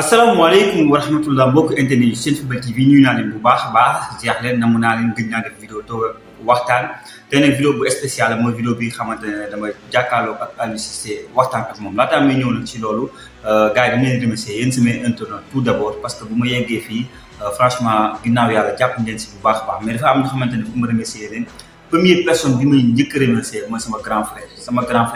asalaamaaleykum wa rahmatullah mbokk internet yi Senfootball TV nuyu naa leen bu baax a baax jeex leen namu naa leen gëj naa def vidéo toog waxtaan te nag vidéo bu spécial la mooy vidéo bi xamante ne dama jàkkaarloo ak Aliou Cissé waxtaan ak moom laataa muy ñëw nag ci loolu euh, gaa yi dama leen remercier yéen samay internet tout d' parce que bu ma yeggee fii euh, franchement ginnaaw yàlla jàpp ngeen si bu baax baax mais dafa am nga xamante ne fu ma remercier a remercier sama grand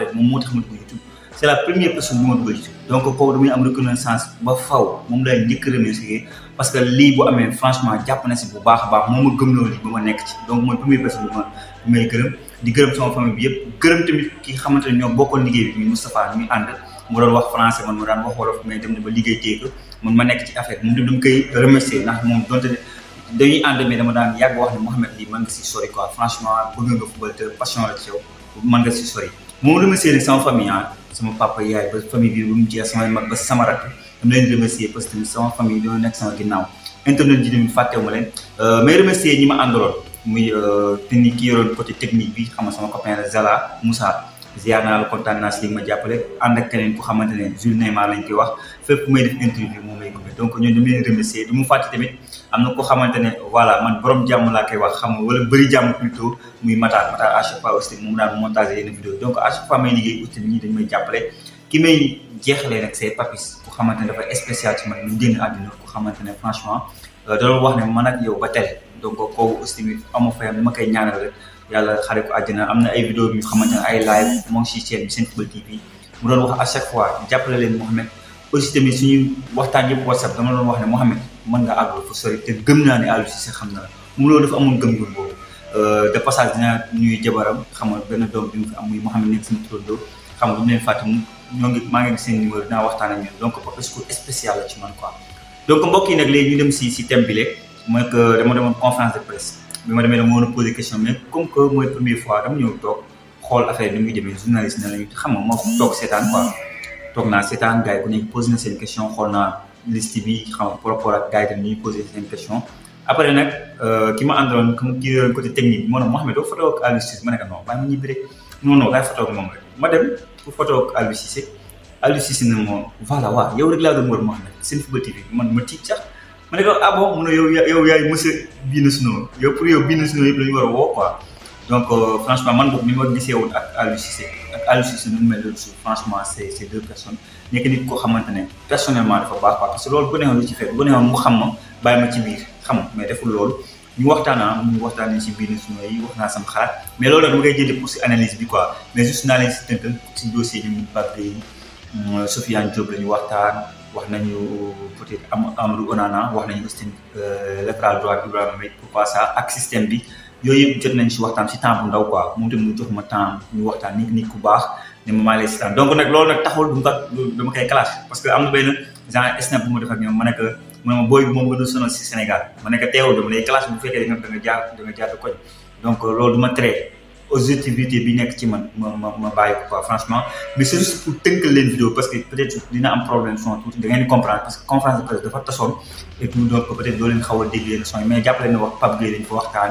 c'est la première personne bu ma donc kooku damay am reconnaissance ba faw mom lay ñëk remercier parce que li bu amé franchement japp na ci bu baax baax moo gëm lo li ba ma nekk ci donc mooy première personne bu ma bu may gërëm di gërëm sama famille bi yëpp gërëm tamit ki xamanteni ñoo bokkoon liggéey bi ñu Moustapha ñu ànd mu doon wax français man mu daan wax wolof mais dem na ba liggéey téye ko man ma nekk ci affaire moom dama koy remercier ndax mom donte dañuy ànd mais dama daan yàgg wax ni Mohamed li man nga si sori quoi franchement bëgg nga football te passion la ci yow man nga si sori moom remercier rek sama famille ah sama papa yaay ba famille bi ba mu jeex sama mag ba sama rakk dama leen parce que sama famille dañoo nekk sama ginnaaw internet ji tamit fàttewu ma leen euh, mais remercier ñi ma àndaloon muy euh, technique ki yoroon côté technique bi xam nga sama copain la Zala Moussa ziar naa la kontaan naa si li ma jàppale ànd ak keneen ku xamante ne journée ma lañ wax fépp may def interview moom donc ñooñu dama leen remercier du mu fàtte tamit am na ko xamante ne voilà man borom jàmm laa koy wax xam wala bëri jàmm plutôt muy Matar Matar à chaque fois aussi moom daan montage yenn vidéo donc à chaque jàppale ki may jeexalee nag c'est Papis ku xamante ne dafa spécial ci mu génn àdduna ku xamante ne franchement euh, doon wax ne man ak yow ba tey donc kooku aussi tamit amoo fayam li ma koy ñaanal rek yàlla ko àddina am na ay vidéo yu xamante ay live moo si chaîne bi Senfootball TV mu doon wax à chaque fois jàppale leen Mouhamed aussi tamit suñuy waxtaan yëpp whatsapp dama doon wax ne Mouhamed mën nga àgg fa sori te gëm naa ne Aliou Cissé xam na la mu loolu dafa amoon gëm-gëm boobu euh, de passage dinaa nuyu jabaram xam nga benn doom bi mu fi am muy Mouhamed nekk suñu turandoo xam nga bu ñu leen fàtte ñoo ngi maa ngi seen numéro dinaa waxtaan ak ñoom donc parce que spécial la yi nag léegi ñu si si thème bi léegi mooy que dama demoon conférence de presse bi ma demee dama woon a poser question mais comme que dama ñëw toog xool affaire bi ni muy demee journaliste na lañu xam ma moo toog seetaan quoi tok na setan gay ko ku nekk posé na seen question xool naa liste bi xam par rapport ak gay yi ni ñuy posé question après nak euh ki ma àndaloon comme ki côté technique bi ma ne photo ak Aliou Cissé non bàyyi ma ñibbi rek non non gay photo ak moom rek ma dem pour photo ak Aliou Cissé ne ma voilà wa yow rek laa doon wër Mouhamed seen football TV man ma ti sax ma ne ko ah bon mu yow yow yaay monsieur Bina Sino yow pour yow Bina Sino yëpp lañu wara wo a quoi donc euh, franchement man boobu ni ma gisee woon ak Aliou ak Aliou Cissé nu mu mel aussi franchement c'est deux personnes nekk nit koo xamante ne personnellement dafa baax quoi parce que loolu bu neexoon lu ci fekk bu neexoon mu xam ma bàyyi ma ci biir xam mais deful loolu ñu waxtaanaa ah, ñu waxtaanee si biir suñu yi wax naa sama xalaat mais loolu nag mu ngay jënd pour si analyse bi quoi mais juste naa leen si tënk si dossier ñu Pape euh, ñu waxtaan wax nañu peut-être am Amadou wax nañu aussi euh, latéral droit Ibrahima Mbaye pourquoi ça ak système bi yooyu yëpp jot nañ si waxtaan si temps bu ndaw quoi moom tamit mu jox ma temps ñu ku baax ne ma maa lay sitaan donc loolu nag taxul du nga que am na benn genre snap bu ma def ak ñoom ma nekk mu ne bi fekkee da jaar da koñ donc loolu du ma traité objectivité bi nekk ci man ma ma ma bàyyi ko franchement mais c'est juste pour tënkal leen vidéo parce que peut-être dina am problème son tuuti da ngeen di parce que conférence dafa tasoon et tout donc peut doo leen xaw a dégg leen son yi mais jàppale ne wax Pape Gueye waxtaan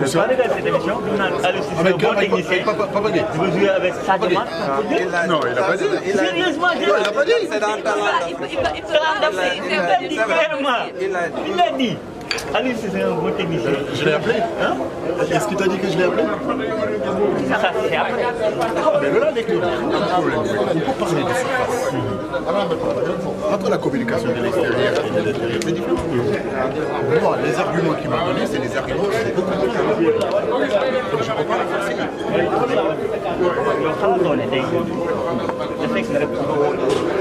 Le parlez dans cette émission, vous n'allez avec un pas dit. Vous jouez avec ça dit Non, il n'a pas dit. Sérieusement, il n'a pas dit. Il l'a dit. Il l'a dit. Allez, ah c'est un beau technicien. Je l'ai appelé Hein Est-ce que tu as dit que je l'ai appelé Ça, ça c'est après. Ah, mais là, avec clés. On peut parler de surface. Entre la communication de l'extérieur et de l'intérieur, Moi, les arguments qu'il m'a donnés, c'est les arguments que j'ai beaucoup Donc, je ne peux pas yow xam nga doole tey da fekk nga rek nga woo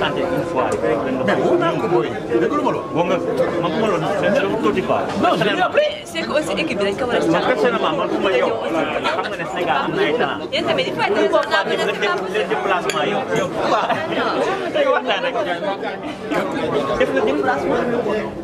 tenté une fois rek. mais woo naa ko booy dëgg lu ma loo. woo nga man ku ma loo tuuti quoi. non c'est que aussi équipe bi dañ ko war a man personnellement man ku ma yow xam nga ne Sénégal am na ay talent. yéen tamit il faut que nga def def déplacement yow. waaw tey waxtaan rek def nga déplacement yow.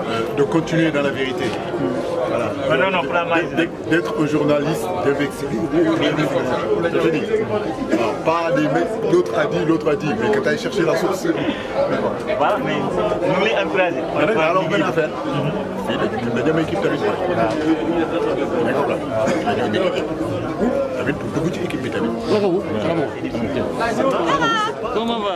de continuer dans la vérité. Voilà. D'être journaliste, de d'être Pas des l'autre a dit, l'autre a dit, mais que tu as cherché la source. Voilà, mais nous les encourager. Alors, bonne affaire. la may équipe tamit mooy. waaw mais xam nga dañoo am tamit pour dugg ci équipe Comment va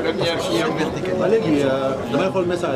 léegi euh, euh, l'a